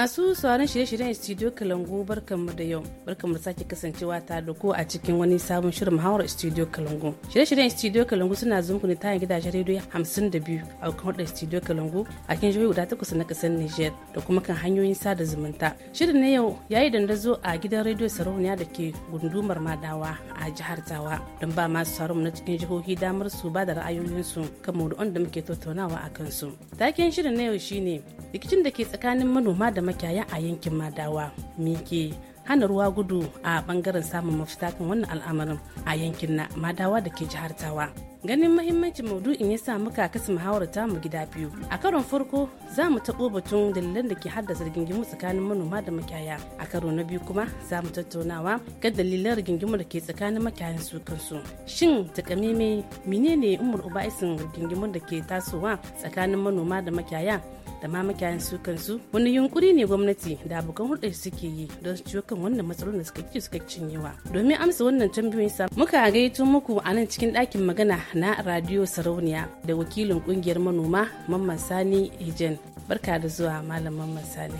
masu sauran shirye-shiryen studio kalangu barkanmu da yau barkanmu da sake kasancewa ta doko a cikin wani sabon shirin muhawarar studio kalangu shirye-shiryen studio kalangu suna zuwa ne ta gidajen rediyo hamsin da biyu a kan studio kalangu a kan jihohi guda takwas na kasar niger da kuma kan hanyoyin sada zumunta shirin na yau ya yi dandazo a gidan rediyo sarauniya da ke gundumar madawa a jihar tawa don ba masu sauran na cikin jihohi damar su ba da ra'ayoyinsu kan maudu'an da muke tattaunawa a kansu taken shirin na yau shine rikicin da ke tsakanin manoma da makiyaya a yankin madawa mike hana ruwa gudu a bangaren samun mafita kan wannan al'amarin a yankin na madawa da ke jihar tawa ganin mahimmancin maudu'in ya sa muka kasa muhawar ta mu gida biyu a karon farko za mu taɓo batun dalilan da ke haddasa rigingimu tsakanin manoma da makiyaya a karo na biyu kuma za mu tattaunawa ga dalilan rigingimu da ke tsakanin makiyayan su kansu shin takameme menene umar isin rigingimu da ke tasowa tsakanin manoma da makiyaya da ma makiyayan su kansu wani yunkuri ne gwamnati da abokan hulɗar suke yi don su akan wannan matsalolin da suka suka cinyewa domin amsa wannan tambayoyin sa muka gaito muku a nan cikin ɗakin magana na radio sarauniya da wakilin kungiyar manoma mamman sani ejen barka da zuwa malamin misali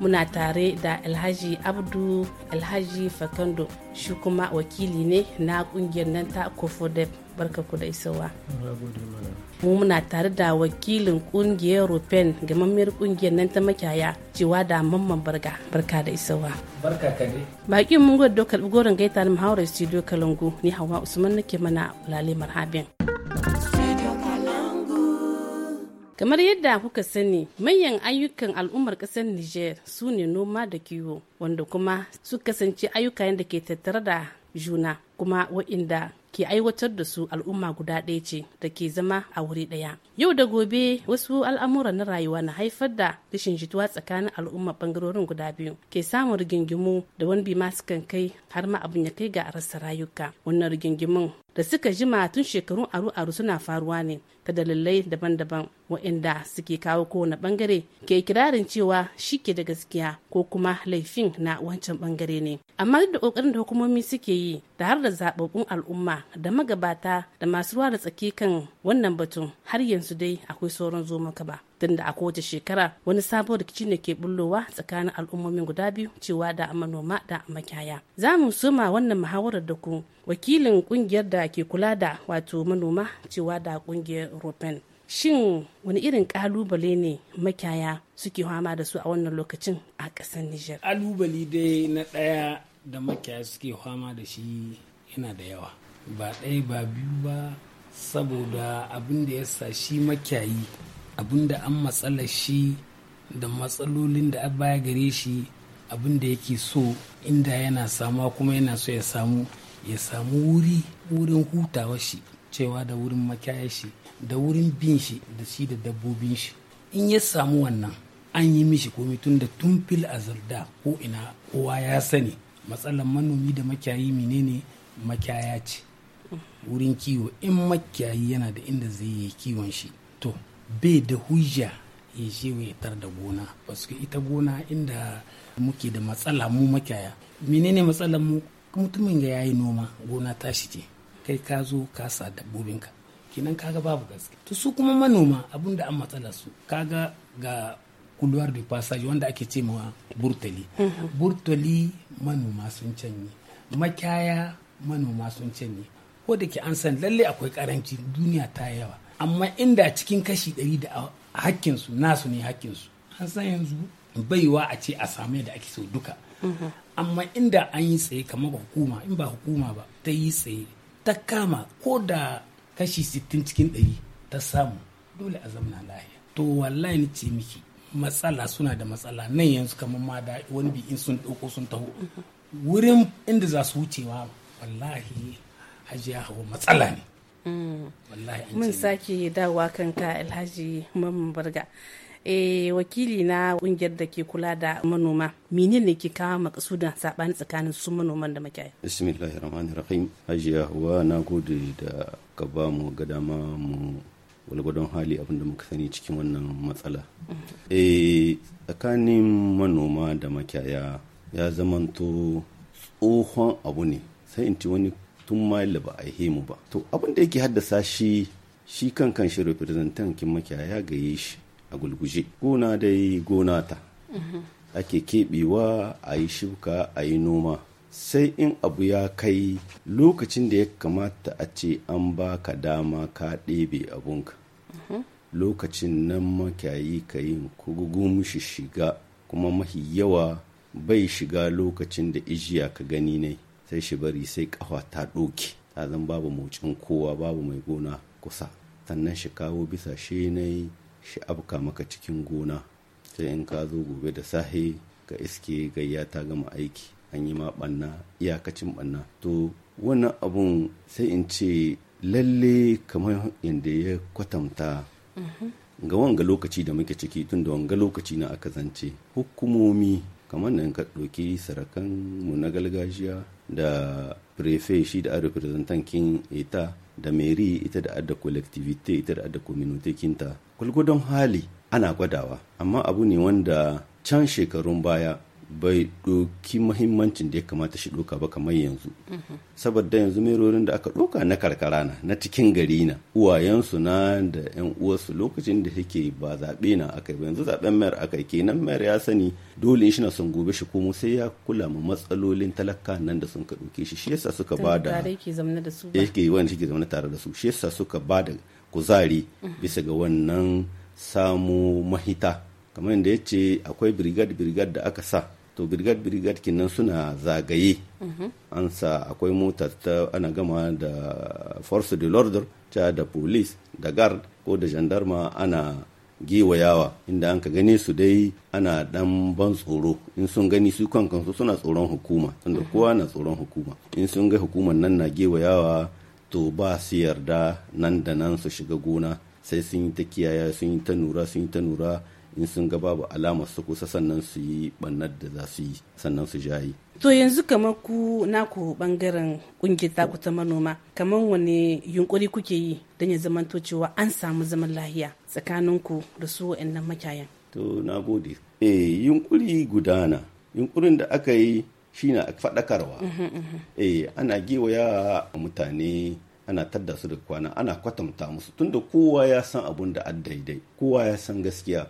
muna tare da alhaji abdu alhaji fakando shi kuma wakili ne na kungiyar nan ta kofodep barka ku da isowa mu muna tare da wakilin kungiyar rufen gamammiyar kungiyar nan ta makiyaya cewa da mamman barga barka da isowa barka kade bakin mun gwada dokar gorin gaita na mahaurar studio kalungu ni hawa usman nake mana lalimar habin Kamar yadda kuka sani, manyan ayyukan al'ummar ƙasar Niger su ne noma da kiwo, wanda kuma su kasance ayyuka da ke tattare da juna, kuma waɗanda ke aiwatar da su al'umma guda ɗaya ce da ke zama a wuri ɗaya yau da gobe wasu al'amura na rayuwa na haifar da rashin jituwa tsakanin al'umma bangarorin guda biyu ke samun rigingimu da wani bi masu kai har ma abin ya kai ga rasa rayuka wannan rigingimun da suka jima tun shekarun aru-aru suna faruwa ne ta dalilai daban-daban waɗanda suke kawo kowane bangare ke kirarin cewa shi ke da gaskiya ko kuma laifin na wancan bangare ne amma duk da ƙoƙarin da hukumomi suke yi da har da zaɓaɓɓun al'umma da magabata da masu ruwa da tsaki kan wannan batun har yanzu dai akwai sauran zo maka ba tunda a kowace shekara wani sabon rikici ne ke bullowa tsakanin al'ummomin guda biyu cewa da manoma da makiyaya za mu soma wannan muhawarar da ku wakilin kungiyar da ke kula da wato manoma cewa da kungiyar ropen shin wani irin kalubale ne makiyaya suke fama da su a wannan lokacin a ƙasar Nijar? Kalubale dai na ɗaya da makiyaya suke fama da shi yana da yawa. ba ɗaya ba biyu ba saboda abin da ya sa shi makiyayi abin da an matsala shi da matsalolin da an baya gare shi abin da yake so inda yana sama kuma yana so ya samu ya samu wuri wurin hutawa shi cewa da wurin makyaya shi da wurin bin shi da shi da dabbobin shi in ya samu wannan an yi mishi komi tun da tun fil azalda ko ina kowa ya sani matsalar manomi da makyayi menene makyaya ce wurin kiwo in makiyayi yana da inda zai yi kiwon shi to bai da hujja ya je tar da gona basu ita gona inda muke da matsala mu makiyaya menene matsalar mu mutumin ga yayi noma gona tashi ce kai ka zo ka sa dabbobinka kenan kaga babu gaske to su kuma manoma abin da an matsala su kaga ga kuluwar da passage wanda ake ce ma burtali mhm. burtali manoma sun canye makiyaya manoma sun canye ko da ke an san lallai akwai karanci duniya ta yawa amma inda cikin kashi ɗari da hakkinsu nasu ne hakkinsu an san yanzu baiwa a ce a same da ake so duka amma inda an yi tsaye kamar hukuma in ba hukuma ba ta yi tsaye ta kama ko da kashi sittin cikin ɗari ta samu dole a zamana lahiya to wallahi ni ce miki matsala suna da matsala nan yanzu kamar ma da wani bi in sun ɗauko sun taho wurin inda za su wucewa wallahi hajiya hau matsala ne mun sake dawowa kanka alhaji mamman barga e eh, wakili na kungiyar da ke kula da manoma mini ne ke kawo makasudin sabani tsakanin su manoman da makiyaya bismillahir rahmanir rahim hajiya yahuwa na gode da ka ba mu ga dama mu walgwadon hali abin da muka sani cikin wannan matsala e tsakanin manoma da makiyaya ya zamanto tsohon abu ne sai in ci wani tun mayil ba a hemu ba to abin da yake haddasa shi shi kan kan shi representan kin ya gaye shi a gulguje gona dai gona ta mm-hmm. ake keɓewa a yi shuka a yi noma sai in abu ya kai lokacin da ya kamata a ce an ba ka dama ka ɗebe abunka mm-hmm. lokacin nan makiyayi ka yi kugugu shiga kuma mahi yawa bai shiga lokacin da ijiya ka gani ne sai shi bari sai kafa ta ɗoke ta zan babu mocin kowa babu mai gona kusa sannan shi kawo bisa shi yi shi abka maka cikin gona sai in ka zo gobe da sahi. ga iske gayya ta gama aiki an yi ma banna iyakacin banna to wannan abun sai in ce lalle kamar yadda ya kwatanta mm-hmm. ga wanga lokaci da muke ciki tun da wanga lokaci na aka zance hukumomi kamar nan ka ɗauki sarakan mu na galgajiya da prefe shi da a kin eta da meri ita da ada collectivity ita da ada community kinta kulgudon hali ana gwadawa amma abu ne wanda can shekarun baya bai ɗoki mahimmancin da ya kamata shi ɗoka ba kamar yanzu saboda yanzu merorin da aka ɗoka na karkara na na cikin gari na uwayensu na da yan uwarsu lokacin da yake ba zaɓe na aka yi ba yanzu zaɓen mayar aka yi kenan mayar ya sani dole shi na son gobe shi ko sai ya kula ma matsalolin talaka nan da sun ka ɗoke shi shi yasa suka ba da yake wani shi ke zaune tare da su shi yasa suka ba da kuzari mm-hmm. bisa ga wannan samu mahita kamar yadda ya ce akwai brigade brigade da aka sa to brigade brigade kinan suna zagaye mhm. an sa akwai mota ta ana gama da force de l'ordre ta da police da guard ko da gendarme ana giwayawa inda an ka gane su dai ana dan ban tsoro in sun gani su kankan kansu suna tsoron hukuma tunda mhm. kowa na tsoron hukuma in sun ga hukumar nan na giwayawa to ba su yarda nan da nan su shiga gona sai sun yi ta kiyaya sun yi ta nura sun yi ta nura in sun ga babu alamar su kusa sannan su yi bannar da za su yi sannan su jayi to yanzu kamar ku naku bangaren kungiyar taku ta manoma kamar wani yunkuri kuke yi don ya to cewa an samu zaman lahiya tsakanin ku da su wa'annan makayan to na gode eh yunkuri gudana yunkurin da aka yi shine faɗakarwa uhuh, uhuh. eh ana gewaya mutane ana tadda su da kwana ana kwatanta musu tunda kowa ya san abun da daidai kowa ya san gaskiya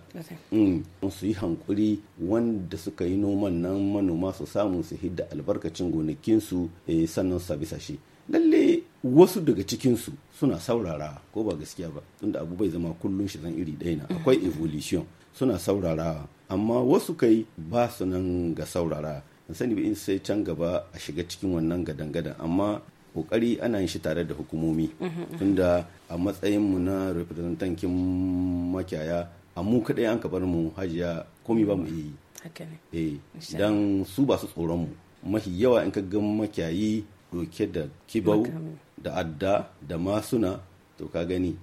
in mm, su yi hankuri wanda suka yi noman nan manoma su samu su hidda albarkacin gonakinsu eh, sannan su bisa shi lalle wasu daga cikinsu suna saurara ko ba gaskiya ba tunda abu bai zama kullum shi zan iri ɗaya na akwai evolution suna saurara amma wasu kai ba su nan ga saurara sani in sai can gaba a shiga cikin wannan gadan-gadan amma kokari ana yin shi tare da hukumomi tunda a matsayin mu na representantin makiyaya a mu kadai an ka bar mu hajiya komi ba mu yi eh, idan su ba su tsoron mu mahi yawa in ka ga makiyayi doke da kibau da adda da masuna to ka gani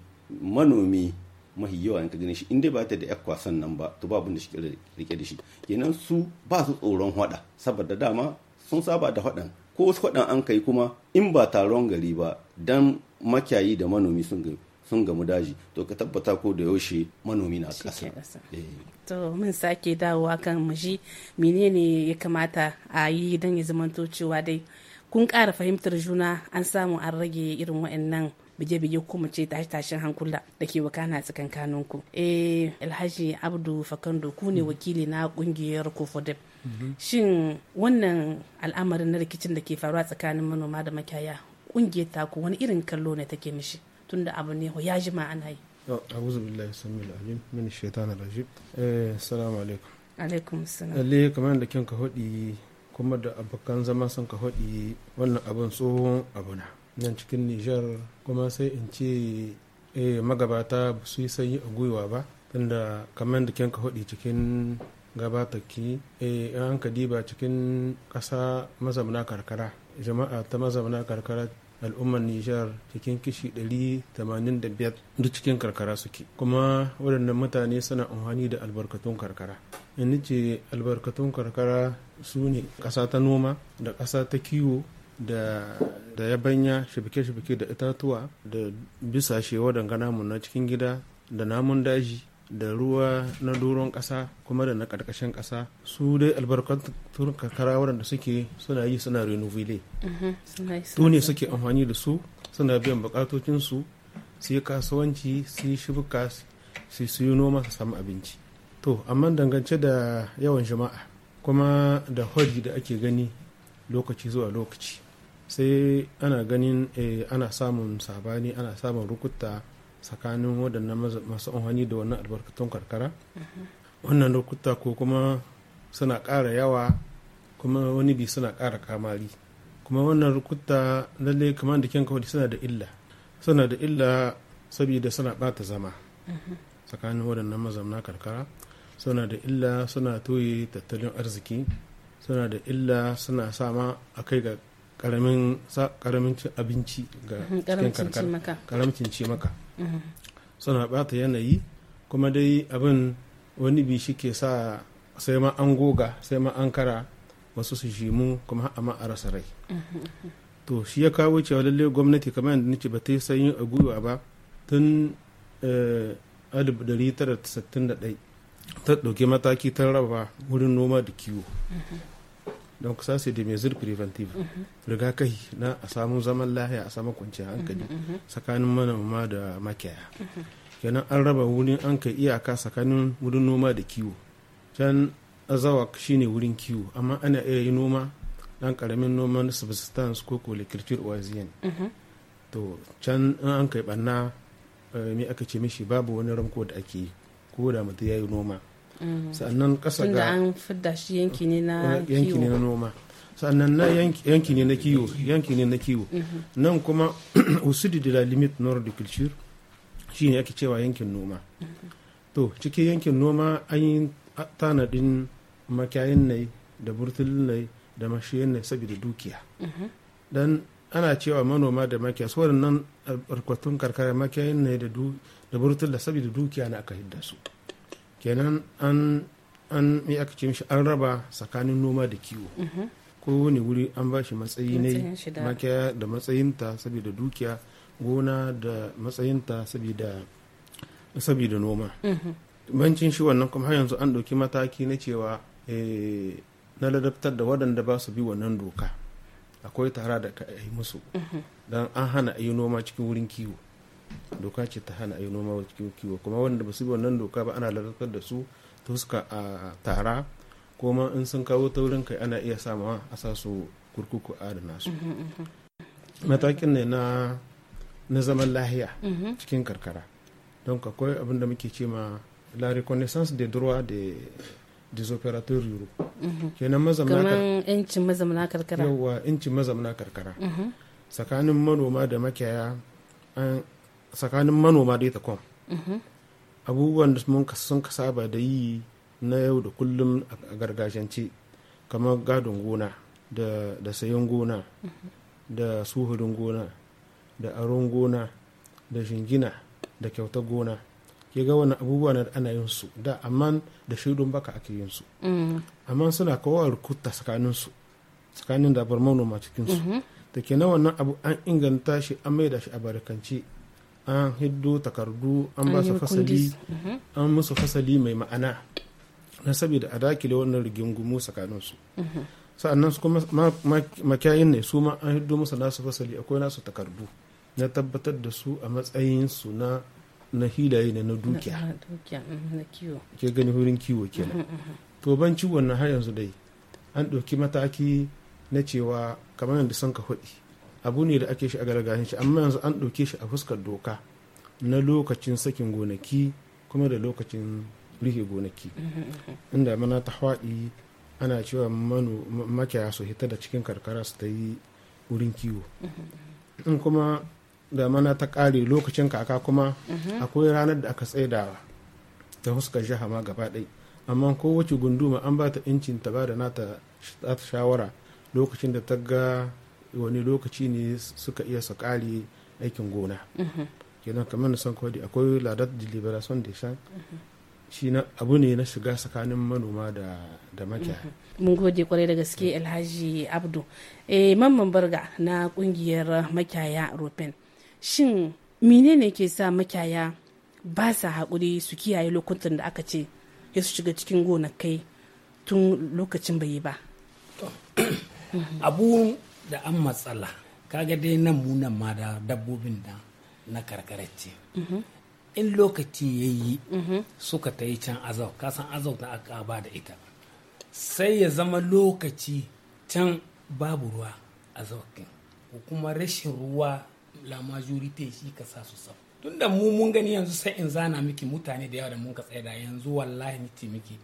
manomi mahi yawa in ka gani shi inda ba ta da yakwa sannan ba to ba abin shi rike da shi kenan su ba su tsoron hwada saboda dama sun saba da faɗan ko wasu faɗan an kai kuma in ba taron gari ba dan makiyayi da manomi sun gamu daji to ka tabbata ko da yaushe manomi na ƙasa. Eh. to mun sake dawowa kan muji menene ya kamata a yi don ya zamanto cewa dai kun kara fahimtar juna an samu an rage irin waɗannan bige-bige ko mu ce tashin hankula da ke wakana ku. eh alhaji abdu fakando ku ne mm. wakili na kungiyar kofodep shin wannan al'amarin na rikicin da ke faruwa tsakanin manoma da makiyaya kungiyar ku wani irin kallo ne take mishi tunda abu ne ya jima ana yi أعوذ بالله السميع العليم من الشيطان الرجيم السلام عليكم عليكم السلام lalle kamar da kin ka kuma da abokan zama sun ka hodi wannan abin tsohon abu na nan cikin Nijar kuma sai in ce eh, magabata ba su yi sanyi a gwiwa ba tunda kamar da kin ka hodi cikin gabata ki eh, an ka diba cikin ƙasa mazamna karkara jama'a ta mazamna karkara al'ummar nijar cikin kishi 185 duk cikin karkara suke kuma waɗannan mutane suna amfani da albarkatun karkara in ce albarkatun karkara su ne ƙasa ta noma da ƙasa ta kiwo da yabanya shibike-shibike da itatuwa da bisashe dangana namun na cikin gida da namun daji da ruwa na doron ƙasa kuma da na karkashin ƙasa su dai albarkatun kakara waɗanda suke suna yi suna renovile mhm, su ne suke amfani da su suna biyan buƙatocinsu su yi kasuwanci su yi shubuka su yi noma su samu abinci to amma dangance da yawan jama'a kuma da hori da ake gani lokaci zuwa lokaci sai ana ganin eh, ana samun sabani ana samun rukuta tsakanin waɗannan masu amfani da wannan albarkatun karkara wannan lokuta ko kuma suna ƙara yawa kuma wani bi suna ƙara kamari kuma wannan rukuta lalle kamar da kyan kawai suna da illa suna da illa saboda suna ɓata zama tsakanin waɗannan mazamna karkara suna da illa suna toye tattalin arziki suna da illa suna sama a kai ga karamin abinci ga cikin karkara karamcin ce maka suna bata yanayi kuma dai abin wani bi shi ke sa sai ma an goga sai ma an kara wasu su shimu kuma amma a rasa rai to shi ya kawo cewa lallai gwamnati kamar yadda nace ba ta yi sanyi a gwiwa ba tun 1961 eh, ta ɗauki mataki ta raba wurin noma da kiwo donc ça c'est des mesures preventives mhm. rigakahi na a samu zaman lahiya a samu kwanciyar hankali mhm, mhm. tsakanin manoma da makiyaya kenan an raba wurin an kai iyaka tsakanin wurin noma da kiwo can azawa shine wurin kiwo amma ana iya yi noma dan karamin noman subsistence ko collective oisian to can an kai banna eh, me aka ce mishi babu wani ramko da ake yi ko da mutum ya yi noma Mm. sannan kasa ga an fidda shi yanki ne na yanki ne na noma sannan na yanki ne na kiwo yanki ne na kiwo mm-hmm. nan kuma usudi de la limite nord de culture shine ake cewa yankin noma mm-hmm. to cikin yankin noma an yi tanadin makayin nai da burtulin nai da mashiyin nai saboda dukiya mm-hmm. dan ana cewa manoma da makiya su waɗannan barkwatun eh, karkara makiyayin ne da burtul da saboda dukiya na aka hidda su kenan an an yi aka ce mishi an raba tsakanin noma da kiwo mhm. ko wani wuri an ba shi matsayi ne makiya da matsayinta saboda dukiya gona da matsayinta saboda noma mhm. bancin shi wannan kuma har yanzu an ɗauki mataki na cewa eh, na ladabtar da waɗanda ba su bi wannan doka akwai tara da ka yi musu mhm. don an hana ayi yi noma cikin wurin kiwo doka ce ta hana a yi noma wa kiwo kuma wanda ba su bi wannan doka ba ana lalatar da su ta suka a tara kuma in sun kawo taurin kai ana iya samawa a sa su kurkuku adana su mhm, mhm. matakin ne na na zaman lahiya mhm. cikin karkara don akwai abin da muke ce ma la reconnaissance des droits des des opérateurs ruraux kenan mazamna karkara yancin mazamna karkara yawa yancin mazamna karkara tsakanin manoma da makiyaya an tsakanin manoma dai takwam abubuwan da sun saba da yi na yau da kullum a gargajiyance kamar gadon gona da sayan gona da suhurin gona da aron gona da shingina da kyauta gona ke ga wani abubuwa na ana yin su da amma da shaidun baka ake yin su mm. amma suna kawo rukuta tsakanin su tsakanin dabar manoma cikin su mm-hmm. da ke na wannan abu an inganta shi an maida shi a barkance an hiddo takardu an ba su fasali an musu fasali mai ma'ana na saboda a dakile wannan rigingumu tsakaninsu sa'annan su kuma makiyayin ne su ma an hiddo musu nasu fasali akwai nasu takardu na tabbatar da su a matsayin su na na hilaye na na dukiya mm, ke gani wurin kiwo kenan mm, mm, to ban ciwon na har yanzu dai an ɗauki mataki na cewa kamar yadda sun ka hudi abu ne da ake shi a gargajin shi amma yanzu an ɗauke shi a fuskar doka na lokacin sakin gonaki kuma da lokacin rihe gonaki inda mana ta haɗi ana cewa makiyaya su hita da cikin karkara su ta yi wurin kiwo in kuma da mana ta ƙare lokacin kaka kuma akwai ranar da aka da ta fuskar jiha ma gaba ɗai amma kowace gunduma an ba ta incin ta ba da nata shawara lokacin da ta ga wani lokaci ne suka iya su kare aikin gona mhm. kenan kamar na san kodi akwai ladat de liberation de champ mhm. shi na abu ne na shiga tsakanin manoma da da mhm. mun gode kwarai da gaske mm. alhaji abdu eh mamman barga na kungiyar makiyaya ropen shin menene ke sa makiya ba sa haƙuri su kiyaye lokutan da aka ce ya su shiga cikin gonakai tun lokacin bai yi ba abu da an matsala kaga dai nan munan ma da dabbobin da na karkarace in lokaci ya yi suka ta yi can azau kasan azau da aka ba da ita sai ya zama lokaci can babu ruwa a zaukin ko kuma rashin ruwa la majority shi ka sa su sau tun da mu mun gani yanzu sai in zana miki mutane da yawa da mun ka tsaye da yanzu wallahi miki miki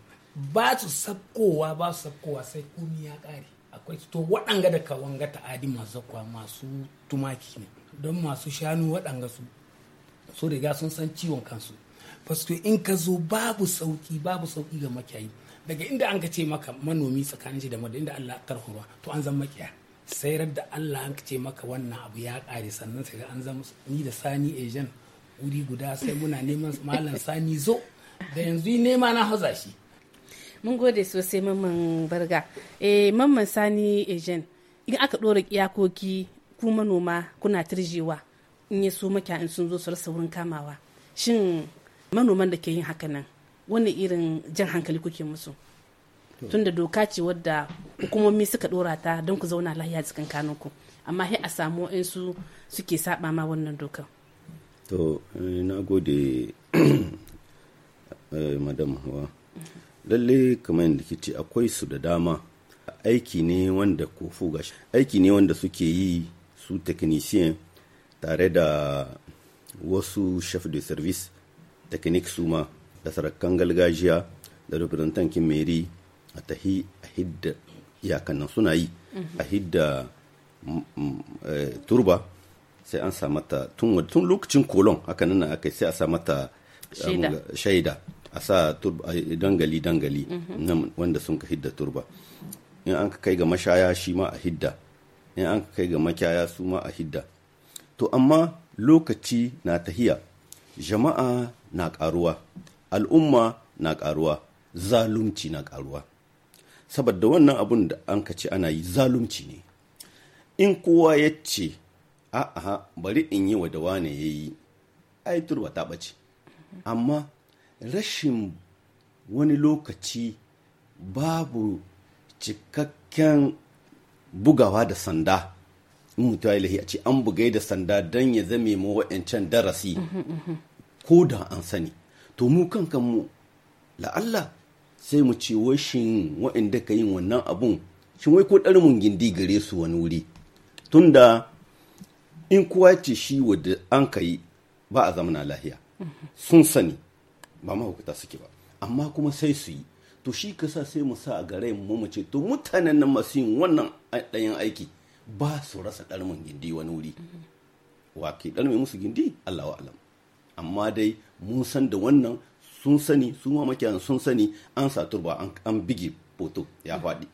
ba su sabkowa ba su sabkowa sai komi ya kare akwai to waɗanga da kawanga ta adi masu zakwa masu tumaki ne don masu shanu waɗanga su so riga sun san ciwon kansu fasto in ka zo babu sauki babu sauki ga makiyayi daga inda an ka ce maka manomi tsakanin shi da mada inda Allah tarhurwa to an zan makiya sai da Allah an ce maka wannan abu ya kare sannan sai an zama ni da sani ejen wuri guda sai muna neman malam sani zo da yanzu nema na haza shi mun gode sosai mamman barga eh mamman sani ejen in aka dora iyakoki ku manoma kuna turjewa in ya so maka in sun zo su rasa wurin kamawa shin manoman da ke yin haka nan wani irin jan hankali kuke musu tun da doka ce wadda hukumomi suka dora ta don ku zauna lahiya cikin kanunku amma sai a samu su suke saba ma wannan doka to eh, na gode eh, madam hawa lalle kamar yadda ce akwai su da dama aiki ne wanda kofu gashi aiki ne wanda suke yi su technician tare da wasu chef de service technique su ma da sarakan galgajiya da representantin meri a tahi a hidda iyakan suna yi a hidda mm, mm, eh, turba sai an samata tun lokacin kolon haka nan aka sai a samata. shaida eh, a sa dangali dangali wanda sun ka hidda turba in an ka kai ga mashaya shi ma a hidda in an ka kai ga makyaya su ma a hidda to amma lokaci na tahiya jama'a na karuwa al'umma na karuwa zalunci na karuwa saboda wannan abun da an ka ce ana yi zalunci ne in kowa ya ce a'a bari in yi wa da wane ya yi ai turba ta ɓace amma rashin wani lokaci babu cikakken bugawa da sanda in mutuwa ilahi a ce an bugai da sanda don ya zame ma wa'ancan darasi ko da an sani to mu kankan mu la'alla sai mu ce wai wa'anda ka yin wannan abun shin wai ko mun gindi gare su wani wuri tunda in kuwa ce shi wadda an ka yi ba a zamana lahiya sun sani ba mahaukata suke ba amma kuma sai su yi to shi ka sa sai mu sa a gare mu mu ce to mutanen nan masu yin wannan ɗayan aiki ba su rasa ɗarmin gindi wani wuri wa ke ɗarmi musu gindi allahu alam amma dai mun san da wannan sun sani su ma makiyan sun sani an sa turba an bige foto ya faɗi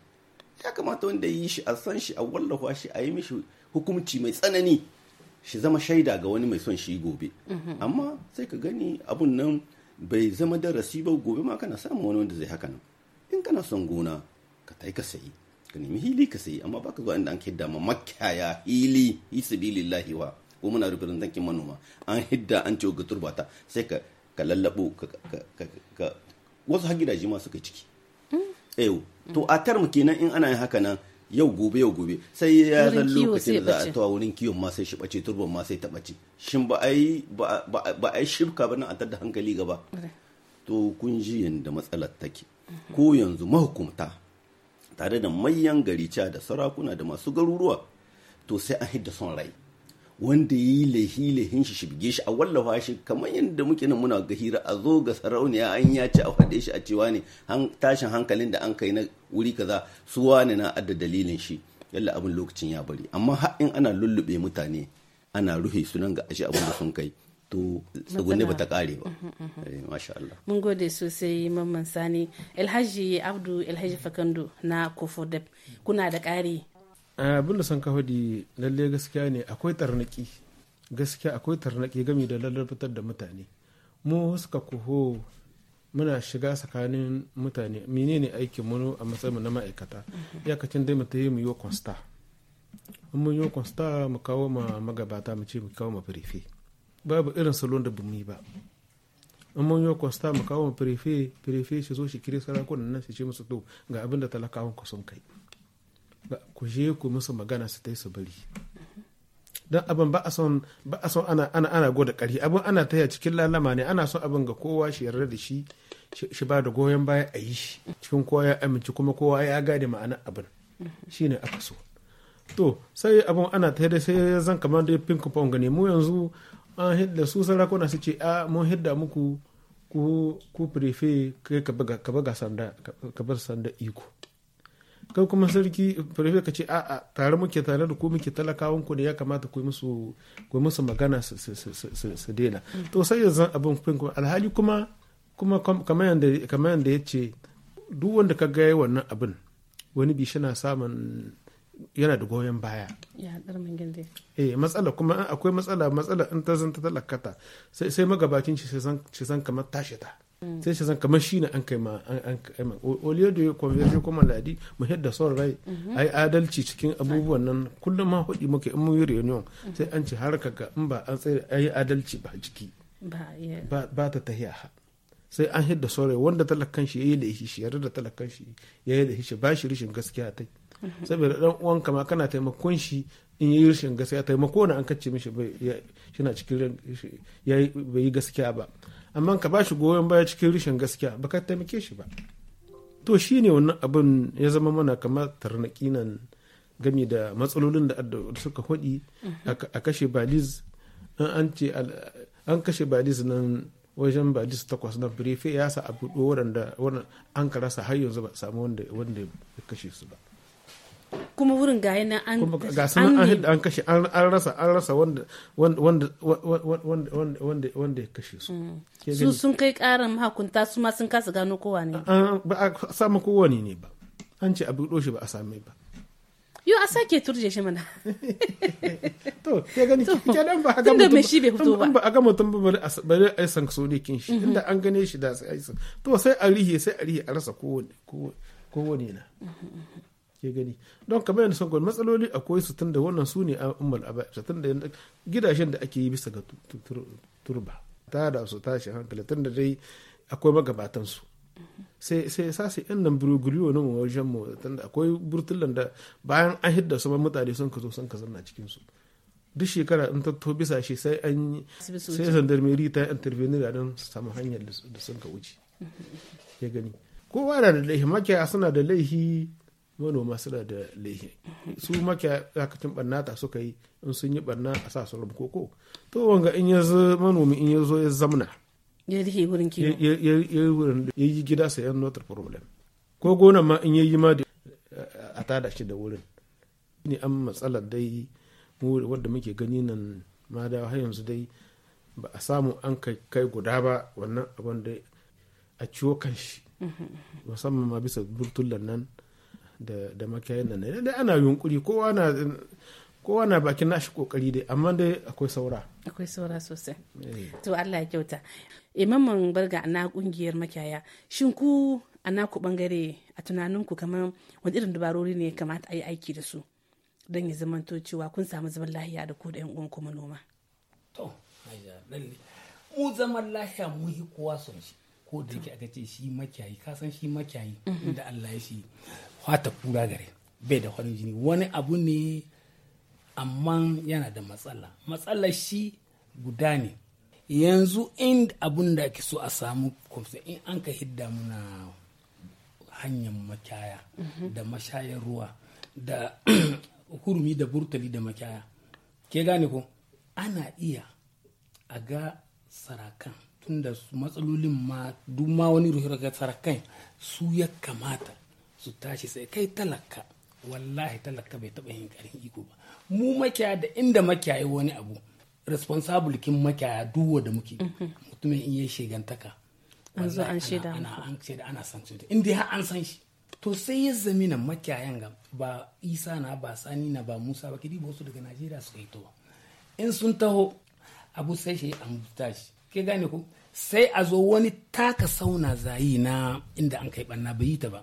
ya kamata wanda yi shi a san shi a wallafa shi a yi mishi hukunci mai tsanani shi zama shaida ga wani mai son shi gobe amma sai ka gani abun nan bai zama darasi ba gobe ma kana samun wani wanda zai haka nan in kana son gona ka tai ka sayi ka nemi hili ka sayi amma baka zuwa inda an hidda ma makiyaya hili hisabilillahi wa ko muna rubutun tankin manoma an hidda an ce ga turbata sai ka ka lallabo ka wasu har gidaje ma suka ciki eh to a tarmu kenan in ana yin haka nan yau gobe yau gobe sai ya zan lokacin da za a tawa wurin kiwon ma sai shi bace turban ma sai ta bace shin ba a yi shifka ba nan a da hankali gaba to kun ji yadda matsalar take ko yanzu mahukumta tare da manyan gari da sarakuna da masu garuruwa to sai an hidda son rai wanda yi lahi lahin shi shibge shi a wallafa shi kamar yadda muke nan muna ga hira a zo ga sarauniya an ya ci a faɗe shi a cewa ne tashin hankalin da an kai na wuri kaza su wane na adda dalilin shi yalla abin lokacin ya bari amma in ana lullube mutane ana ruhe sunan nan ga ashe abin da sun kai to tsugunne ba ta kare ba mm-hmm, mm-hmm. Eh, masha Allah mun gode sosai mamman sani Alhaji Abdu Alhaji Fakando na Kofodep kuna da ƙari Eh, abin da san ka di lalle gaskiya ne akwai tarnaki gaskiya akwai tarnaki gami da fitar da mutane mu suka kuho muna shiga tsakanin mutane menene aikin mu a matsayin na ma'aikata iyakacin dai mu ta yi mu yi consta in mun yi consta mu kawo ma magabata mu ce mu kawo ma firife babu irin salon da bumi ba in mun yi consta mu kawo ma firife firife shi zo shi kiri sarakunan nan shi ce musu to ga abin da talakawan ku sun kai ku je ku musu magana su tai su bari don abin ba a son ba a son ana ana ana goda abin ana taya cikin lalama ne ana son abin ga kowa shi yarda da shi shi ba da goyon baya a yi shi cikin kowa ya amince kuma kowa ya gane ma'anar abin shi ne aka so to sai abin ana ta da sai zan kamar da pink pong ne mu yanzu an hidda su sarakuna su ce a mun hidda muku ku ku prefe kai ka baga sanda iko kai kuma sarki firfe ka ce a'a tare muke tare da ku muke talakawan ku ne ya kamata ku musu ku musu magana su daina to sai yanzu abin kun kuma alhali kuma kuma kamar yanda kamar yanda yace duk wanda ka ga wannan abin wani bishi na samun yana da goyon baya eh matsala kuma akwai matsala matsala in ta zanta talakata sai magabacin shi san kamar tashi ta Mm. sai shi zan kama shi ne an kai ma an kai ma oliyo da ya kuma ladi mu hidda son rai yi mhm. adalci cikin abubuwan nan kullum ma hudi muke in mun yi reunion mhm. sai an ci har kaka in ba an tsaye yi adalci ba jiki ba ta tahiya sai an hidda son rai wanda talakan shi yi da shi yarda da talakan shi yi da shi ba shi rishin gaskiya yi. saboda dan uwanka ma kana taimakon shi in yi rashin gaskiya taimako na an kace mishi shina cikin bai yi gaskiya ba amma ka ba shi goyon baya cikin rashin gaskiya ba ka taimake shi ba to shine ne wannan abin ya zama mana kama tarnaki nan game da matsalolin da suka hudi a kashe badiz an ce an kashe badiz nan wajen badis takwas na prefe ya sa abu waɗanda an ka rasa har yanzu ba samu wanda ya kashe su ba kuma wurin ga yana an ga sun an an kashe an rasa an rasa wanda wanda wanda wanda ya kashe su mm. su sun kai karin mahakunta su ma sun kasa gano kowa ne ba a samu kowane ne ba an ce a doshi ba a same ba yo a sake turje shi mana to ya gani kenan ba a ga mutum shi bai fito ba a ga mutum ba bari bari ai sanksoni kin shi mm-hmm. inda an gane shi da sai ai to sai a rihe sai a rihe a rasa kowane kowane na mm-hmm, mm-hmm. ke gani don kamar yadda sun gwani matsaloli akwai su tunda wannan su ne umar tun da gidashen da ake yi bisa ga turba ta da su tashi hankali tun da dai akwai magabatan su sai sai sasi yan nan buruguriyo na wajen mu tun da akwai burtulan da bayan an hidda su mutane sun ka zo sun ka zanna cikin su duk shekara in tatto bisa shi sai an yi sai meri ta intervenir da don samu hanyar da sun ka wuce ya mm-hmm. gani kowa na da laihi makiya suna da laihi manoma suna da laihi su maka zakatun barna ta suka yi in sun yi barna a sa su rubu koko to wanga in ya manomi in ya zo ya zamna ya rike wurin ya yi gida sayan notar problem ko gona ma in ya yi ma a tada shi da wurin ne an matsalar dai wadda muke gani nan ma da har yanzu dai ba a samu an kai guda ba wannan abin da a ciwo kan shi mm-hmm. musamman ma bisa burtullan nan da makiyayin nan dai ana yunkuri kowa na kowa na bakin nashi kokari dai amma dai akwai saura akwai saura sosai eh. to Allah ya kyauta imaman barga na kungiyar makiyaya shin ku a naku bangare a tunaninku kamar wani irin dabarori ne kamata a yi aiki da su don ya zamanto cewa kun samu zaman lahiya da ku da yan uwan kuma noma to mu zaman lahiya mu yi kowa son shi ko da yake aka ce shi makiyayi ka san shi makiyayi mhm. inda Allah ya shi hata kura gare bai da farin jini wani abu ne amma yana da matsala matsala shi guda ne yanzu in abun da ake so a samu kwamfuta in an ka hidda muna hanyar makaya da mashayar ruwa da hurumi da burtali da makaya ke gane ko ana iya a ga sarakan tunda matsalolin ma duk ma wani ruhira ga sarakan su ya kamata su tashi sai kai talaka wallahi talaka bai taba yin karin iko ba mu makiya da inda makiyayi wani abu responsible kin makiyaya duwa da muke mhm. mutumin in yi shigantaka. an an shaida ana an shaida ana san shi in dai an san shi to sai ya zamina makiyayan ga ba isa na ba sani na ba musa ba kidi wasu daga najeriya suka yi towa in sun taho abu sai shi an tashi ke gane ku sai a zo wani taka sauna zayi na inda an kai banna bai yi ta ba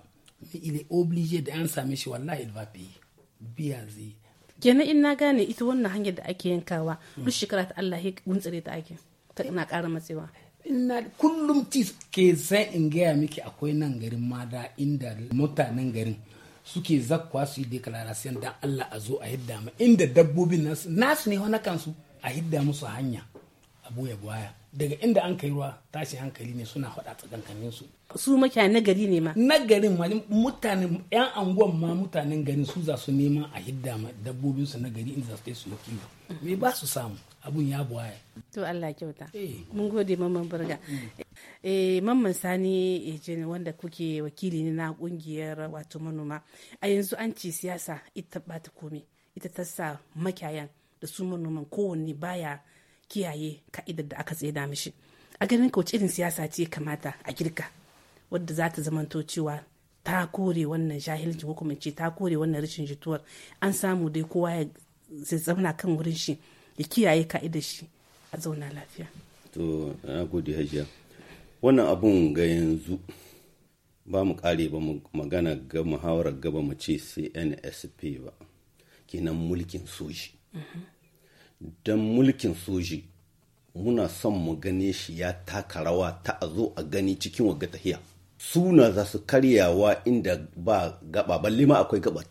il est obligé da an same shi il va payer bien zi kenan in na gane ita wannan hanyar da ake yankawa duk shekara ta Allah ya wuntsare ta ake ta ina ƙara matsewa ina kullum ti ke sai in gaya miki akwai nan garin mada inda mutanen garin suke zakwa su yi declaration dan Allah a zo a hidda ma inda dabbobin nasu nasu ne wani kansu a hidda musu hanya abu ya baya daga inda an kai ruwa tashi hankali ne suna faɗa tsakankanin su su maka na ne ma na ma mutanen yan anguwan ma mutanen garin su za su neman a hidda ma dabbobin su na gari inda za su su kiwo me ba su samu abun ya buwaye. to Allah kyauta eh. mun gode mamman burga mm. eh mamman sani ejin wanda kuke wakili ne na kungiyar wato manoma a yanzu an ci siyasa ita ba ta komai ita ta sa makayan da su manoman kowanne baya kiyaye ka'idar da aka tsaida mishi a ganin ka irin siyasa ce kamata a girka wadda za ta zamanto cewa ta kore wannan jahilcin ko ta kore wannan rashin jituwar an samu dai kowa ya zauna kan wurin shi ya kiyaye ka'idar shi a zauna lafiya to na gode hajiya wannan abun ga yanzu ba mu kare ba mu magana ga muhawarar gaba mu ce nsp ba kenan mulkin soji mm-hmm. don mulkin soji muna son mu gane shi ya taka rawa ta a zo a gani cikin wagga tahiya suna za su karyawa inda ba gaba balle ma akwai gaba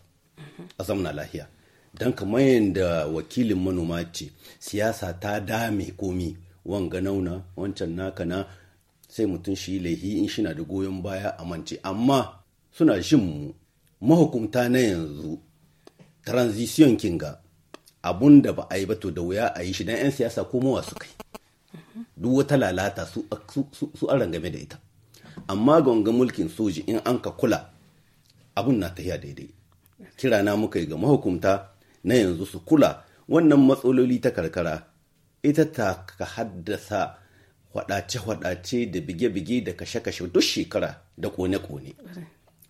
a zamana lahiya don kamar yadda wakilin manoma ce siyasa ta dame komi wanga nauna wancan naka na sai mutum shi laihi in shina da goyon baya a mance amma suna jin mu mahukunta na yanzu transition kinga abun da ba a yi ba to da wuya a yi shi don 'yan siyasa ko mawa su kai duk wata lalata su an rangame da ita amma ga mulkin soji in an ka kula abun na tafiya daidai kira na muka yi ga mahukumta na yanzu su kula wannan matsaloli ta karkara ita ta ka haddasa hwadace-hwadace da bige-bige da kashe-kashe duk shekara da kone-kone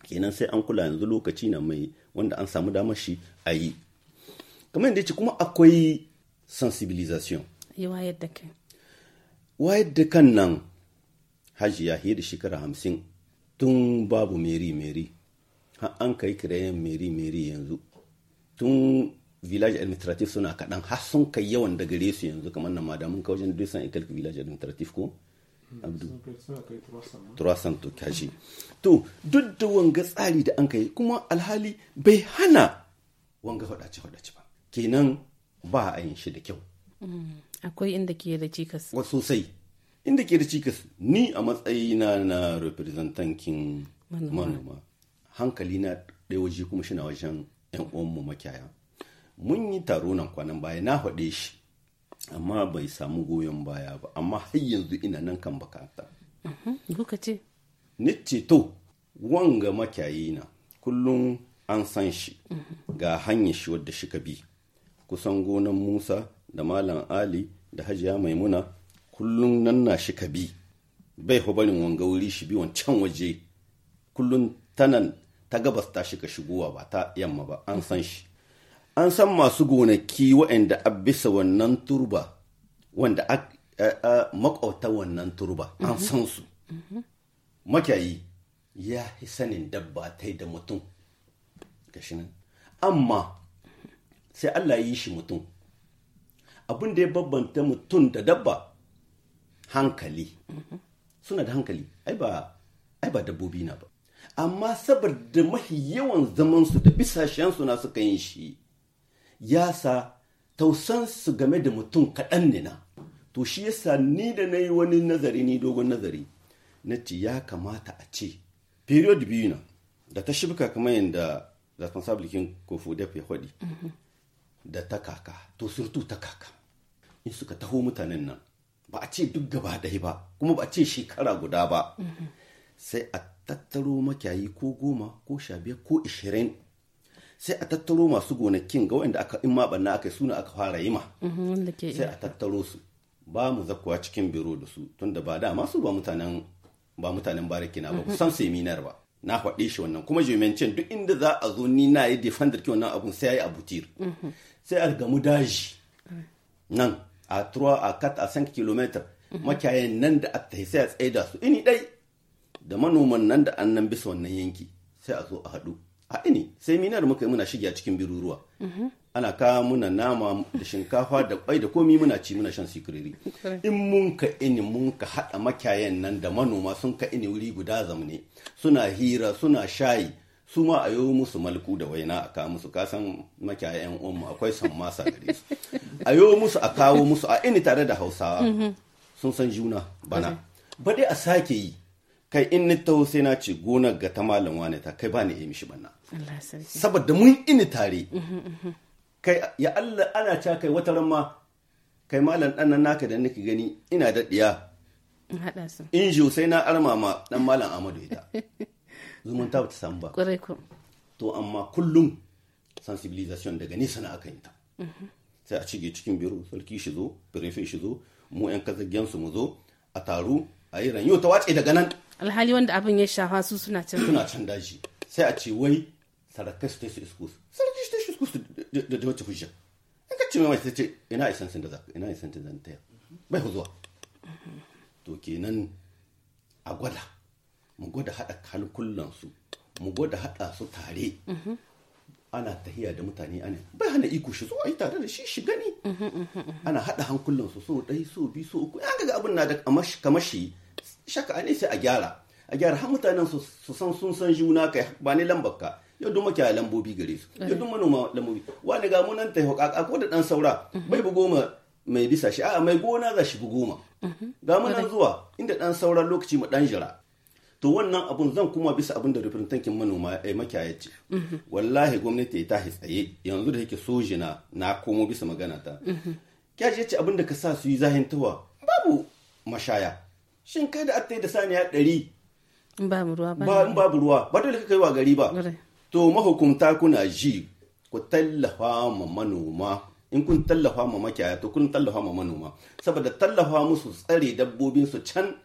kenan sai an kula yanzu lokaci na mai wanda an samu damar shi a yi kamar yadda ce kuma akwai sensibilisation wayar yadda kan wa yadda kan nan hajiya fiye da shekara hamsin tun babu meri meri har an kai kirayen meri meri yanzu tun village administrative suna kaɗan har sun kai yawan da gare su yanzu kamar nan madamun ka wajen 200 and village administrative ko hmm, abdu turasan to kashi to duk da wanga tsari da an kai kuma alhali bai hana wanga faɗace faɗace ba kenan ba a yin shi da kyau mm. akwai inda ke da cikas sosai inda ke da cikas ni a matsayina na representantin manoma hankali na ɗaya waje kuma shi na wajen yan uwanmu makiyaya mun yi taro nan kwanan baya na faɗe shi amma bai samu goyon baya ba amma har yanzu ina nan kan bakata lokaci mm-hmm. ni ceto wanga makiyayi na kullum an san shi mm-hmm. ga hanyar shi wadda shi ka bi kusan gonan musa da malam ali da hajiya maimuna kullum nan na shi ka bi bai barin wanga wuri shi bi wancan waje kullum tanan ta gabas ta ka shigowa ba ta yamma ba an san shi an san masu gonaki waɗanda a bisa wannan turba wanda a makauta wannan turba an mhm. san su mhm. makyayi ya sanin dabba ta da mutum amma sai Allah yi shi mutum abin da ya babbanta mutum da dabba hankali suna da hankali ai ba dabbobi na ba amma saboda mahi yawan zamansu da bisashensu na suka yin shi ya sa tausansu game da mutum kaɗan ne na to shi yasa ni da na yi wani nazari ni dogon nazari na ce ya kamata a ce period biyu na da ta shibka kamar yadda responsible king kofu ya faɗi da ta kaka to surtu ta kaka in suka taho mutanen nan ba a ce duk gaba ɗaya ba kuma ba a ce shekara guda ba sai a tattaro makiyayi ko goma ko sha biyar ko ishirin sai a tattaro masu gonakin ga wanda aka in ma banna aka suna aka fara yi ma mhm, sai a tattaro su ba mu zakuwa cikin biro da su tunda ba da masu ba mutanen ba mutanen kina ba mhm. san seminar ba na faɗe shi wannan kuma jimencin duk inda za a zo ni na yi defender ki wannan abun sai ya yi abutir mhm. sai a gamu daji nan a 3 a 4 a 5 km makiyayan nan da aka sai a tsaye da su ini dai da manoman nan da annan bisa wannan yanki sai a zo a haɗu a ini sai mina da muka yi muna shige a cikin biruruwa ana kawo muna nama da shinkafa da kwai da komi muna ci muna shan sikiriri in mun ka ini mun ka haɗa makiyayan nan da manoma sun ka ini wuri guda zamne suna hira suna shayi su ma a yi musu malku da waina a kawo musu kasan makiyaya yan uwanmu akwai san masa gare su a yi musu a kawo musu a ini tare da hausawa mm-hmm. sun san juna bana ba dai a sake yi kai in ni taho sai na ce gonar ga ta malam wane ta kai ba ni yi mishi banna saboda mun ini tare mm-hmm, mm-hmm. kai ya Allah ana ca kai wata ma kai malam dan nan naka da nake gani ina da in in sai na armama dan malam Amadu ita zumunta ba ta samu ba to amma kullum sensibilisation daga nesa na aka yi ta sai a cige cikin biro sarki shi zo birefe shi zo mu yan kazagen su mu zo a taru a yi ranyo ta wace daga nan alhali wanda abin ya shafa su suna can suna can daji sai a ce wai sarakai su ta su iskus sarki su ta su iskus da wacce hujja in ka ce mai mace ce ina isan sun da zaka ina isan sun da ta bai zuwa to kenan a gwada mu gwada haɗa kalkullansu mu gwada haɗa su tare mhm. ana tahiya da mutane ana bai hana iko shi zuwa yi tare da shi shi gani mhm, mhm, ana haɗa hankulansu so ɗai so bi so uku an ga abin na da kamar shi shaka ne sai a gyara a gyara har mutanen su san sun san juna kai ba ne lambar ka yau duk lambobi gare su eh. yau manoma lambobi wani ga munan ta hukaka ko da dan saura bai bugo ma mai bisa shi a mai gona za shi bugo ma ga munan zuwa inda dan saura lokaci mu dan jira to wannan abun zan kuma bisa abin da tankin manoma yi eh, makiyaya ce mhm. wallahi gwamnati ta tsaye yanzu da yake sojina na komo bisa magana ta mhm. kyashi ce abin da ka sa su yi zahintawa babu mashaya shin kai da atta da saniya ɗari ba babu ruwa ba dole ka kai wa gari ba to mahukunta kuna ji ku tallafa ma manoma in kun tallafa ma makiyaya to kun tallafa ma manoma saboda tallafa musu tsare dabbobin su can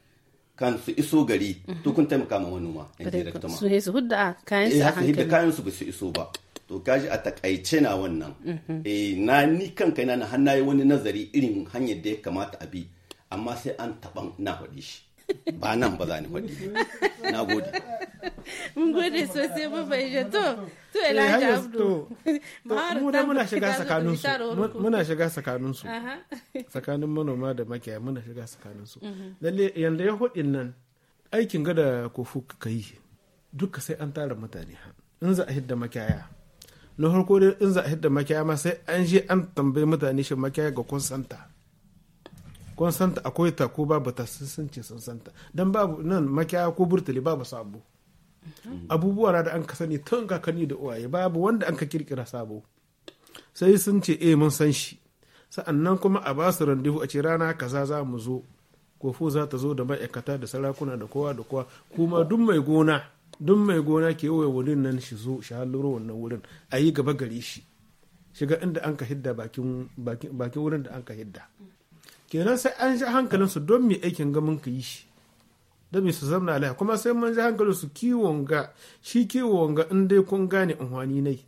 kan su iso gari mhm. to kun taimaka ma manoma in ji daga su hudda kayan su eh, a hankali hidda su ba su iso ba to kaji a takaice na wannan mhm. eh na ni kanka na har wani nazari irin hanyar da ya kamata a bi amma sai an taban na faɗi shi ba nan ba za ni faɗi na gode mun gode sosai ba bai je to to eh, Elijah Abdu mu da muna shiga tsakanin su muna shiga tsakanin su tsakanin manoma da makiyaya muna shiga tsakanin su mhm. lalle yanda ya hudin nan aikin gada kofu ka yi duka sai an tara mutane ha. in za a hidda makiyaya na farko dai in za a hidda makiyaya ma sai an je an tambayi mutane shi makiyaya ga kun santa kun santa akwai ta ko babu ta sun ce sun santa dan babu nan makiya ko burtali babu sabo mhm. abubuwa da an ka sani tun kakanni da uwaye babu wanda an ka kirkira sabo sai sun ce eh mun san shi sa'annan kuma a basu randihu a ce rana kaza za mu zo kofo za ta zo da ma'aikata da sarakuna da kowa da kowa kuma duk mai gona duk mai gona ke waya wurin nan shi zo shi halluro wannan wurin a yi gaba gare shi shiga inda an ka hidda bakin wurin da an ka hidda kenan sai an ji hankalin su don mai aikin gamin ka yi shi don mai su zamna laya kuma sai mun ji hankalin su kiwon ga shi kiwon ga in dai kun gane unhwani nai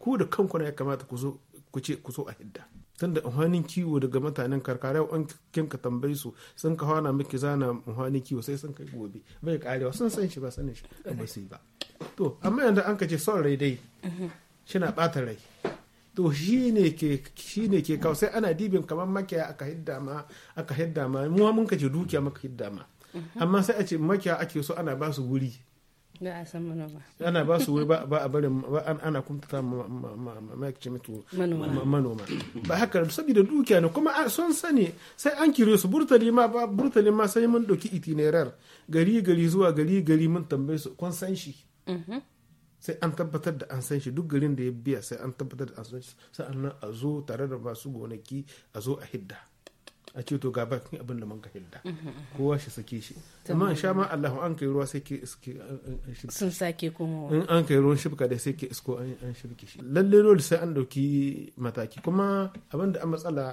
ku da kanku na ya kamata ku zo ku ce ku so a hidda da unhwanin kiwo daga mutanen karkara an kin ka tambayi su sun ka hana miki zana unhwanin kiwo sai sun kai gobe bai karewa sun san shi ba sanin shi ba to amma yanzu an ka ce son rai dai shi na bata rai to shi ne ke shi ne ke kawo sai ana dibin kamar makiya aka hidda ma aka hidda ma mu mun kace dukiya maka hidda ma mhm. amma sai a ce makiya ake so ana ba su wuri ana ba su wuri ba a bari ana kumtata ma mutu manoma ba haka saboda dukiya ne kuma sun sani sai an kire su burtali ma ba burtali ma sai mun doki itinerar gari gari zuwa gari gari mun tambaye su kun san shi mhm. sai an tabbatar da an san shi duk garin da ya biya sai an tabbatar da an san shi sa'annan a zo tare da masu gonaki a zo a hidda a ce to ga kin abin da manka hidda kowa shi sake shi amma sha ma Allahu an kai ruwa sai ke iske sun sake kuma in an kai ruwan shibka da sai ke isko an shibke shi lalle dole sai an dauki mataki kuma abin da an matsala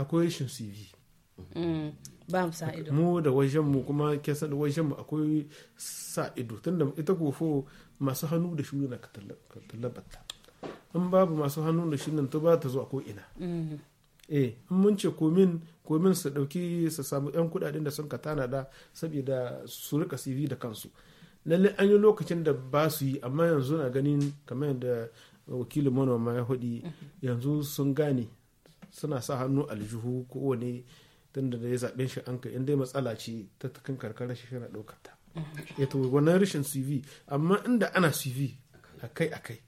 akwai shin CV mm, ba mu sa ido mu da wajen mu kuma kesa da wajen mu akwai sa ido tunda ita kofo. masu hannu da shuni na ka tallabata in babu masu hannu da shunin ta ba ta zuwa ko ina mm-hmm. eh in mun ce komin komin su dauki su samu yan kudaden da sun ka tanada saboda su rika CV da kansu Lallai an yi lokacin da ba su yi amma yanzu na ganin kamar yadda wakilin manoma ya hudi mm-hmm. yanzu sun gane suna sa hannu aljihu ko wani tunda da ya zaɓe shi an kai in dai matsala ce ta takan karkara shi na ɗaukar ta ya to wannan rashin cv amma inda ana cv akai akai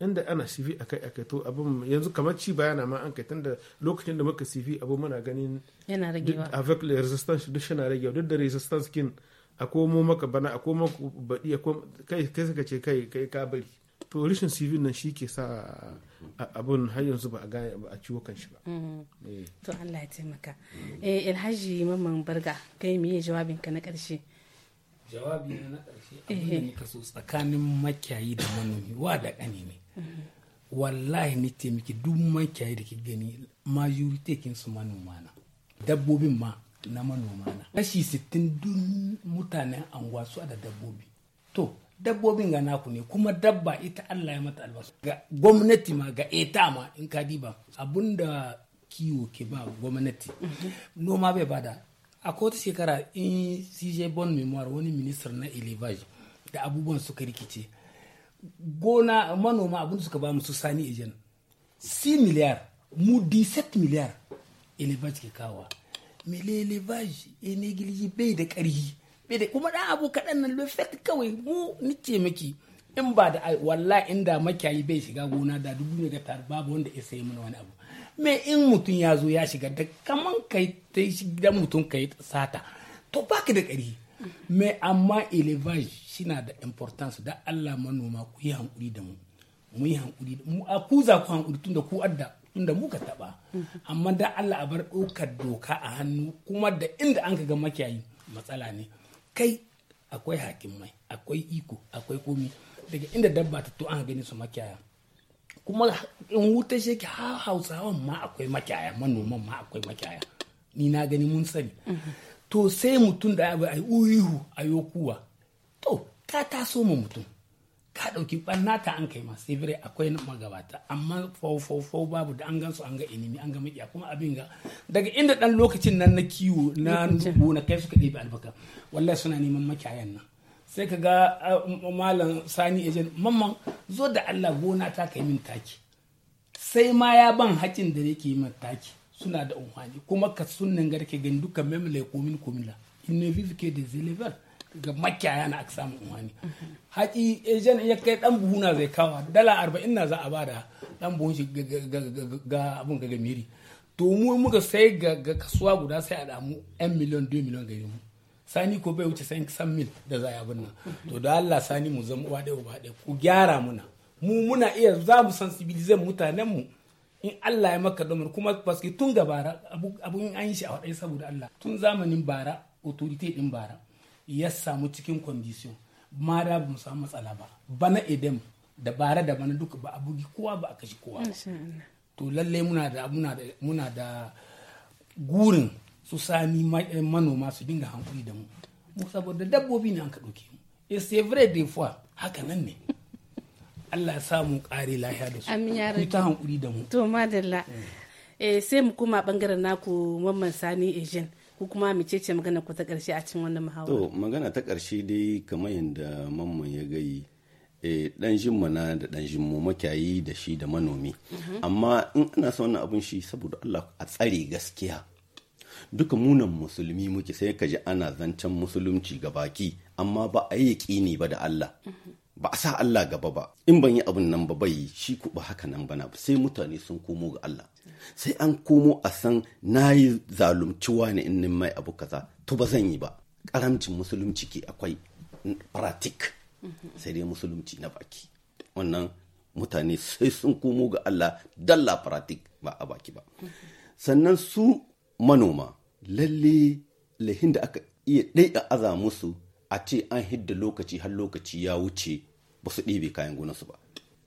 inda ana cv akai akai to abin yanzu kamar ci bayana ma an kai tunda lokacin da muka cv abu muna ganin yana ragewa avec le resistance duk yana ragewa duk da resistance kin a komo maka bana a komo baɗi kai kai suka ce kai kai ka bari to rashin cv nan shi ke sa abun har yanzu ba a gane ba a ciwo kan shi ba mm-hmm. eh. to Allah ya taimaka eh Alhaji Mamman Barga kai me jawabin ka na ƙarshe jawabi na ƙarshe eh. so tsakanin makiyayi da manomi wa da ƙani ne wallahi ni ce miki duk makiyayi da ki gani majority kin su manoma na dabbobin ma na manoma na kashi sittin duk mutanen anguwa su da dabbobi to dabbobin ga naku ne kuma dabba ita Allah ya mata albasu ga gwamnati ma ga eta ma in ka diba da kiwo ke ba gwamnati noma bai bada a kowace shekara in cj bon memoir wani ministar na elevage da abubuwan suka rikice gona manoma abinda suka ba su sani ejen c miliyar mu 17 miliyar elevage ke kawa mele elevage enegilji bai da karhi bai da kuma dan abu kaɗan nan lofet kawai mu nice maki in ba da wallahi inda makiyayi bai shiga gona da dubu ne da babu wanda ya sayi mana wani abu me in mutum ya zo ya shiga da kaman kai ta gidan mutum kai sata to ba ki da ƙari me amma elevage shina da importance da Allah manoma ku yi hankuri da mu mu yi hankuri mu a ku za ku hankuri tunda ku adda mu ka taba amma da Allah a bar ɗaukar doka a hannu kuma da inda an ka ga makiyayi matsala ne kai akwai hakimai akwai iko akwai komi daga inda dabba ta to an gani su makiyaya kuma in wuta shi yake ha ah, hausawan ma akwai makyaya manoman ma akwai makyaya ni na gani mun sani to sai mutum da abu ai uyihu a kuwa. to ka taso ma mutum ka ɗauki ɓanna ta an kai ma sai bire akwai magabata amma faufau babu da an gan su an ga inimi an ga maƙiya kuma abin ga daga inda ɗan lokacin nan na kiwo na na kai suka ɗebe albarka. wallahi suna neman makiyayan nan sai ka ga malam sani ejen mamman zo da allah gona ta kai min taki sai ma ya ban hakin da yake min taki suna da unhani kuma ka sunan garke gani dukkan memle komin komila in ne vivke da zelever ga makiyaya na aka samu unhani haki ejen ya kai dan buhuna zai kawa dala arba'in na za a da dan buhun shi ga abun ga miri to mu muka sai ga kasuwa guda sai a damu 'yan miliyan 2 miliyan gari mu sani ko bai wuce san san mil da za a nan to da Allah sani mu zama uwa ɗaya ba ɗaya ku gyara muna mu muna iya za mu sensibilizan mutanen mu in Allah ya maka domin kuma paske tun ga bara abun an shi a waɗai saboda Allah tun zamanin bara authority din bara ya samu cikin condition ma da ba mu samu matsala ba bana edem da bara da bana duka ba a bugi kowa ba a kashi kowa to lallai muna da muna da muna da gurin su sami eh, manoma su dinga hankuri da mu mu saboda dabbobi ne an ka ɗauke mu it's eh, a vrai des fois haka nan ne Allah ya samu kare lahiya da su ku ta hankuri da mu to madalla eh, eh sai mu kuma bangaren naku mamman sani ejen ko kuma mu ce magana ku ta karshe a cikin wannan muhawara to magana ta karshe dai kamar yadda mamman ya gayi e, dan mana da dan jimmo makiyayi da shi da manomi mhm. amma in ana son wannan abun shi saboda Allah a tsare gaskiya duka munan musulmi muke sai ka ji ana zancen musulunci ga baki amma ba a yi yaƙini ba da Allah ba a sa Allah gaba ba in ban yi abun nan ba bai shi ku ba haka nan bana sai mutane sun komo ga Allah sai an komo a san na yi zalunci wani in nin mai abu kaza to ba zan yi ba karamcin musulunci ke akwai pratik sai dai musulunci na baki wannan mutane sai sun komo ga Allah dalla pratik ba a baki ba sannan su manoma lalle lahin da aka iya ɗai aza musu a ce an hidda lokaci har lokaci ya wuce ba su ɗebe kayan gonarsu ba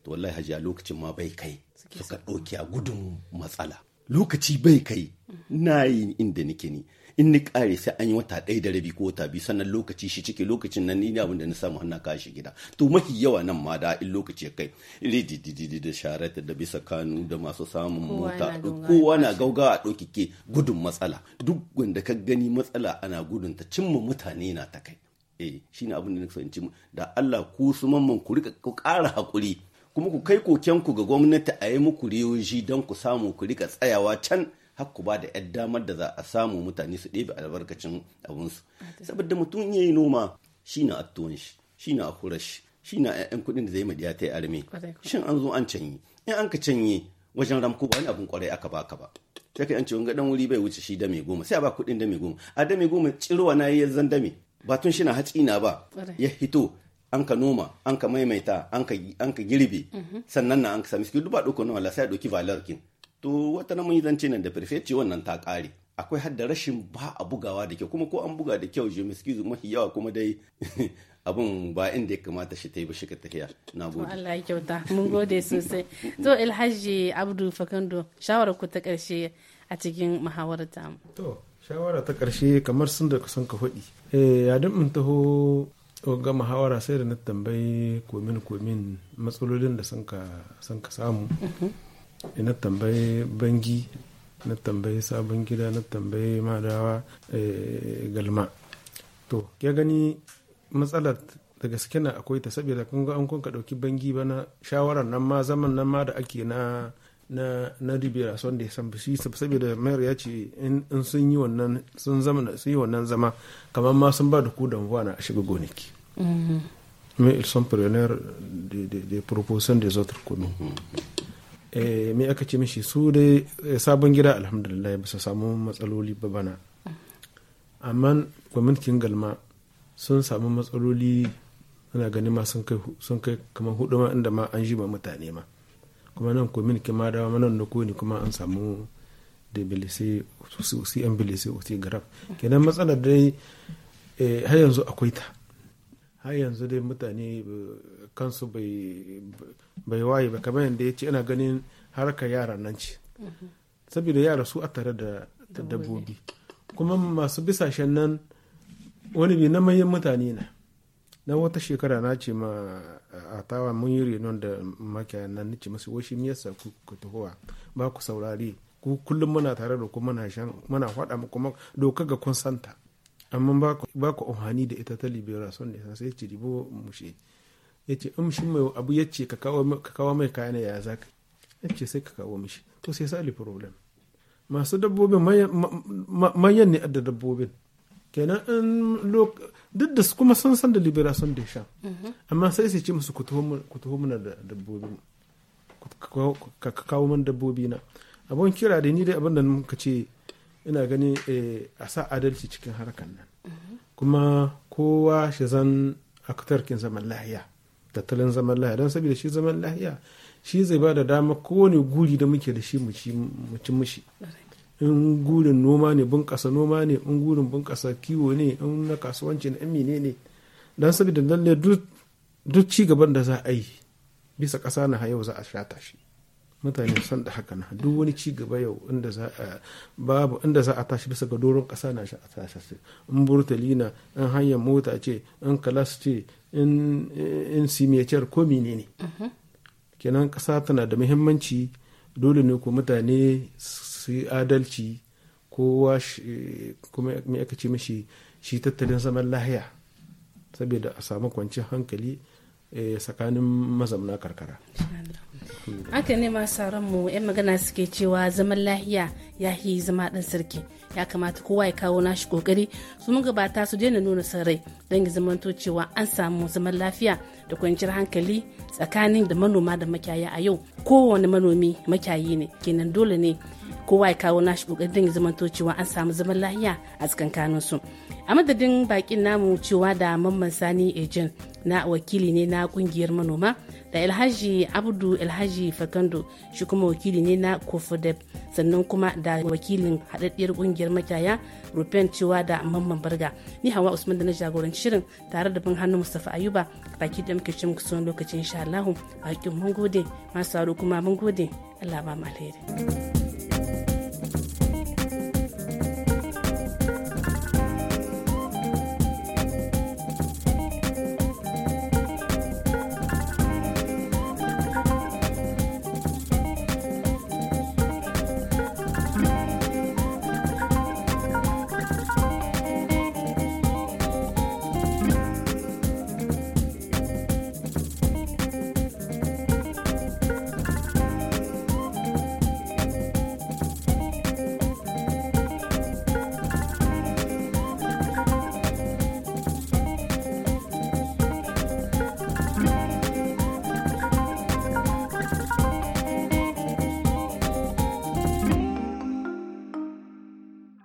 to wallahi hajiya lokacin ma bai kai suka ɗauki a gudun matsala lokaci bai kai na yi inda nake ni in ni kare sai an yi wata ɗaya da rabi ko wata biyu sannan lokaci shi cike lokacin nan ni ne abin da na samu hannun kashi gida to mafi yawa nan ma da in lokaci ya kai rididididi da sharata da bisa kanu da masu samun mota kowa na gauga a ɗaukike gudun matsala duk wanda ka gani matsala ana gudun ta cimma mutane na ta kai eh shine abin da na cimma da Allah ku su mamman ku rika ku ƙara haƙuri kuma ku kai kokenku ga gwamnati a yi muku riyoji don ku samu ku rika tsayawa can hakku ba da yar damar da za a samu mutane su ɗebe albarkacin abinsu saboda mutum ya yi noma shi na attuwan shi shi na akurar shi shi na yan kuɗin da zai madiya ta yi arme shin an zo an canyi in an ka canye wajen ramko ba wani abin kwarai aka baka ba sai ka yanci wanga dan wuri bai wuce shi dame goma sai a ba kuɗin dame goma a dame goma cirwa na yi zan dame ba tun shi na hatsi na ba ya hito an ka noma an ka maimaita an ka girbe mhm. sannan na an ka sami skill duba ɗauko na wala sai a ɗauki valar kin to wata na mun yi zance nan da prefecture wannan ta kare akwai hadda rashin ba a bugawa da kyau kuma ko an buga da kyau je miskizu mafi yawa kuma dai abin ba inda ya kamata shi ta yi ba shi ka tafiya na gode Allah ya kyauta mun gode sosai to Alhaji Abdu Fakando shawarar ku ta karshe a cikin muhawarar ta to shawara ta karshe kamar sun da kusan ka hudi eh ya mun taho ga muhawara sai da na tambayi komin komin matsalolin da sun ka samu mhm. na tambaye bangi na tambaye sabon gida na tambaye madawa eh, galma to ya gani matsalar da gaske na akwai ta saboda kun ga an kun ka dauki bangi ba na shawarar nan ma zaman nan ma da ake na na na ribera son da san bishi saboda mayar ya ce in sun yi wannan sun zama sun yi wannan zama kamar ma sun ba da ku danwa na shiga gonaki mm-hmm. mais ils sont preneurs des des propositions des autres communes mm-hmm. Eh, me aka ce mishi su dai eh, sabon gida alhamdulillah ba su samu matsaloli ba bana amma gwamnatin galma sun samu matsaloli suna gani ma sun kai kamar hudu ma inda ma an ma mutane ma kuma nan kwamitin ma dawa manan na kone kuma an samu da bilise osi an bilise osi garaf kenan matsalar dai eh, har yanzu akwai ta har yanzu dai mutane kansu bai waye ba kamar yadda ya ce ina ganin harkar yara nan ce saboda yara su a tare da dabbobi kuma masu bisashen nan wani bi na manyan mutane na na wata shekara na ce ma a tawa mun yi renon da makiyaya nan nace masu washi miyasa ku ba ku saurare ku kullum muna tare da ku muna shan muna faɗa mu kuma doka ga kun santa amma ba ku amfani da ita ta libera son ne sai ce ribo mushe ya ce in shi mai abu ya ce ka kawo mai kayan ya za ka ya ce sai ka kawo mishi to sai sali problem masu dabbobin manyan ne da dabbobin kenan in duk da kuma sun san da liberation da sha mm-hmm. amma sai sai ce musu ku taho mana da dabbobin ka kawo man dabbobi na abun kira da ni dai abin da muka ce ina gani eh, a sa adalci cikin harkan nan mm-hmm. kuma kowa shi zan aktarkin zaman lahiya tattalin zaman lahiya don saboda shi zaman lahiya shi zai ba da dama kowane guri da muke da shi mu ci mushi in gurin noma ne bunƙasa noma ne in gurin bunƙasa kiwo ne in na kasuwanci na amine ne don saboda lalle duk ci gaban da za a yi bisa ƙasa na yau za a shata shi mutane san da haka duk wani ci gaba yau inda za a babu inda za a tashi bisa ga doron ƙasa na shi a tashi in burtali na in hanyar mota ce in kalas ce in simiyar ko ne. Mhm. kenan kasa tana da muhimmanci dole ne ku mutane su yi adalci kowa kuma me aka ce mishi shi tattalin zaman lahiya saboda a samu kwanciyar hankali Eh, tsakanin mazauna karkara haka ne masu mu 'yan magana suke cewa zaman lahiya ya yi zama ɗan sarki ya kamata kowa ya kawo nashi kokari su mun gabata su daina nuna rai don ya zamanto cewa an samu zaman lafiya da kwanciyar hankali tsakanin da manoma da makiyaya a yau kowane manomi makiyayi ne kenan dole ne kowa ya kawo nashi kokari don ya zamanto cewa an samu zaman lahiya a tsakankanin su a madadin bakin namu cewa da mamman sani ejin na wakili ne na kungiyar manoma da alhaji abdu alhaji fakando shi kuma wakili ne na kofodep sannan kuma da wakilin haɗaɗɗiyar kungiyar makiyaya rufen cewa da mamman barga ni hawa usman da na jagoranci shirin tare da bin hannun mustafa ayuba baki da muke cin kusan lokacin insha allahu bakin mun gode masu kuma mun gode allah ba mu alheri